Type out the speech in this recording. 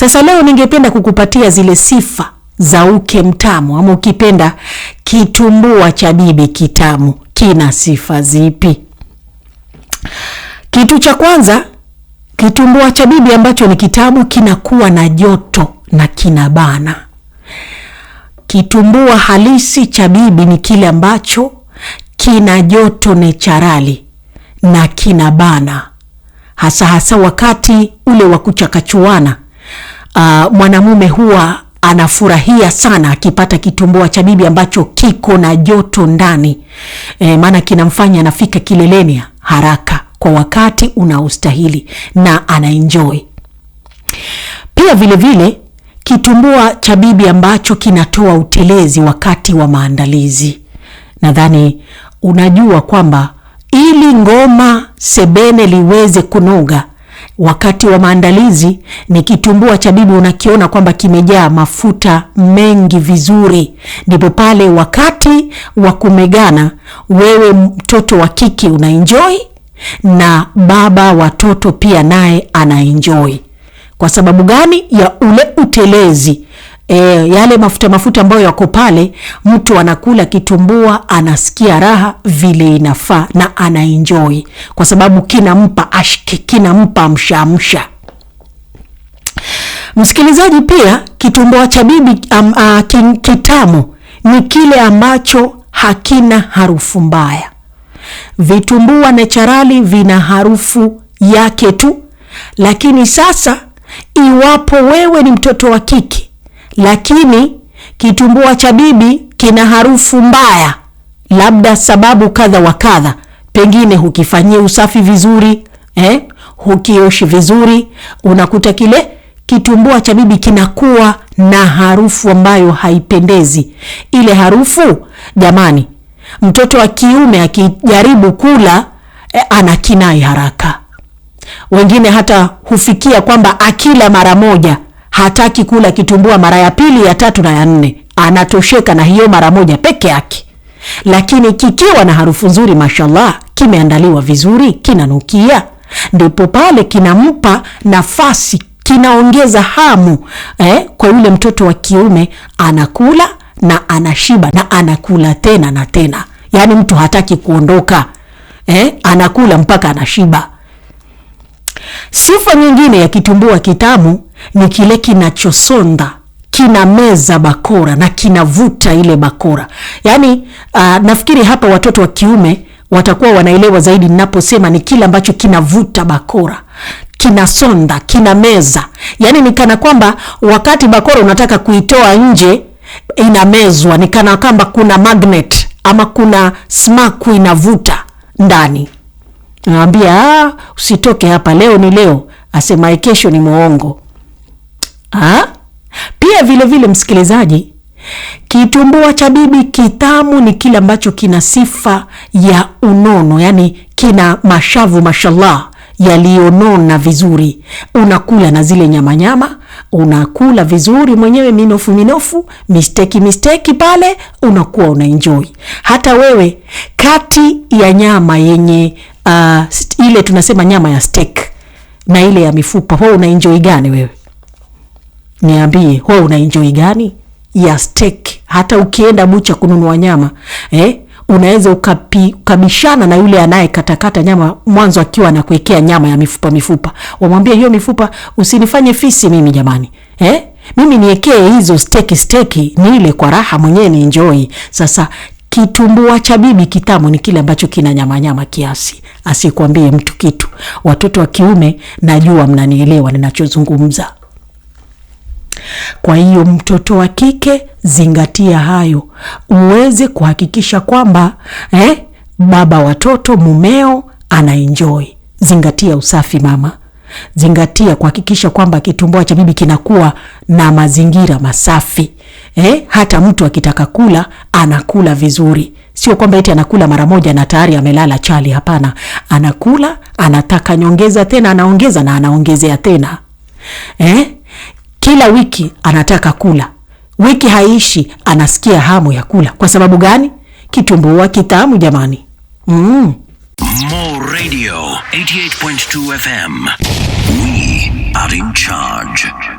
Sasa leo ningependa kukupatia zile sifa za uke mtamu ama ukipenda kitumbua cha bibi kitamu kina sifa zipi? Kitu cha kwanza, kitumbua cha bibi ambacho ni kitamu kinakuwa na joto na kina bana Kitumbua halisi cha bibi ni kile ambacho kina joto necharali na kina bana hasa hasa wakati ule wa kuchakachuana uh, mwanamume huwa anafurahia sana akipata kitumbua cha bibi ambacho kiko na joto ndani e, maana kinamfanya anafika kileleni haraka kwa wakati unaostahili na anaenjoi pia vilevile vile, kitumbua cha bibi ambacho kinatoa utelezi wakati wa maandalizi. Nadhani unajua kwamba ili ngoma sebene liweze kunoga wakati wa maandalizi ni kitumbua cha bibi unakiona kwamba kimejaa mafuta mengi vizuri, ndipo pale wakati wa kumegana, wewe mtoto wa kike unaenjoy na baba watoto pia naye anaenjoi Kwa sababu gani? Ya ule utelezi e, yale mafuta mafuta ambayo yako pale, mtu anakula kitumbua anasikia raha vile inafaa na anaenjoy kwa sababu kinampa ashki, kinampa mshamsha. Msikilizaji, pia kitumbua cha bibi um, uh, kitamu ni kile ambacho hakina harufu mbaya. Vitumbua necharali vina harufu yake tu, lakini sasa, iwapo wewe ni mtoto wa kike lakini kitumbua cha bibi kina harufu mbaya, labda sababu kadha wa kadha, pengine hukifanyia usafi vizuri eh, hukioshi vizuri, unakuta kile kitumbua cha bibi kinakuwa na harufu ambayo haipendezi. Ile harufu jamani, mtoto wa kiume akijaribu kula eh, anakinai haraka. Wengine hata hufikia kwamba akila mara moja hataki kula kitumbua mara ya pili, ya tatu na ya nne, anatosheka na hiyo mara moja peke yake. Lakini kikiwa na harufu nzuri, mashallah, kimeandaliwa vizuri, kinanukia, ndipo pale kinampa nafasi, kinaongeza hamu eh, kwa yule mtoto wa kiume, anakula na anashiba na anakula tena na tena, yaani mtu hataki kuondoka eh, anakula mpaka anashiba. Sifa nyingine ya kitumbua kitamu ni kile kinachosonda kinameza bakora na kinavuta ile bakora. Yaani uh, nafikiri hapa watoto wa kiume watakuwa wanaelewa zaidi ninaposema ni kile ambacho kinavuta bakora, kinasonda, kinameza. Yaani ni kana kwamba wakati bakora unataka kuitoa nje inamezwa, nikana kwamba kuna magnet ama kuna smaku inavuta ndani. Naambia ah, usitoke hapa, leo ni leo, asemaye kesho ni mwongo ha? Pia vilevile vile msikilizaji, kitumbua cha bibi kitamu ni kile ambacho kina sifa ya unono, yaani kina mashavu mashallah yaliyonona vizuri. Unakula na zile nyamanyama nyama, unakula vizuri mwenyewe, minofu minofu, misteki misteki pale, unakuwa unaenjoi. Hata wewe kati ya nyama yenye uh, ile tunasema nyama ya steak na ile ya mifupa, ho unaenjoi gani wewe? niambie wewe una enjoy gani ya steak? Hata ukienda bucha kununua nyama eh, unaweza ukabishana na yule anayekatakata nyama mwanzo, akiwa anakuwekea nyama ya mifupa mifupa, wamwambia hiyo mifupa usinifanye fisi mimi jamani, eh? Mimi niwekee hizo steki steki nile kwa raha mwenyewe ni enjoy. Sasa kitumbua cha bibi kitamu ni kile ambacho kina nyama nyama kiasi, asikwambie mtu kitu. Watoto wa kiume, najua mnanielewa ninachozungumza. Kwa hiyo mtoto wa kike, zingatia hayo uweze kuhakikisha kwamba eh, baba watoto mumeo anaenjoy. Zingatia usafi mama, zingatia kuhakikisha kwamba kitumbua cha bibi kinakuwa na mazingira masafi eh, hata mtu akitaka kula anakula vizuri Sio kwamba eti anakula mara moja na tayari amelala chali. Hapana, anakula, anataka nyongeza tena, anaongeza na anaongezea tena eh? Kila wiki anataka kula, wiki haishi, anasikia hamu ya kula. Kwa sababu gani? Kitumbua kitamu jamani, mm. Radio 88.2 FM. We are in charge.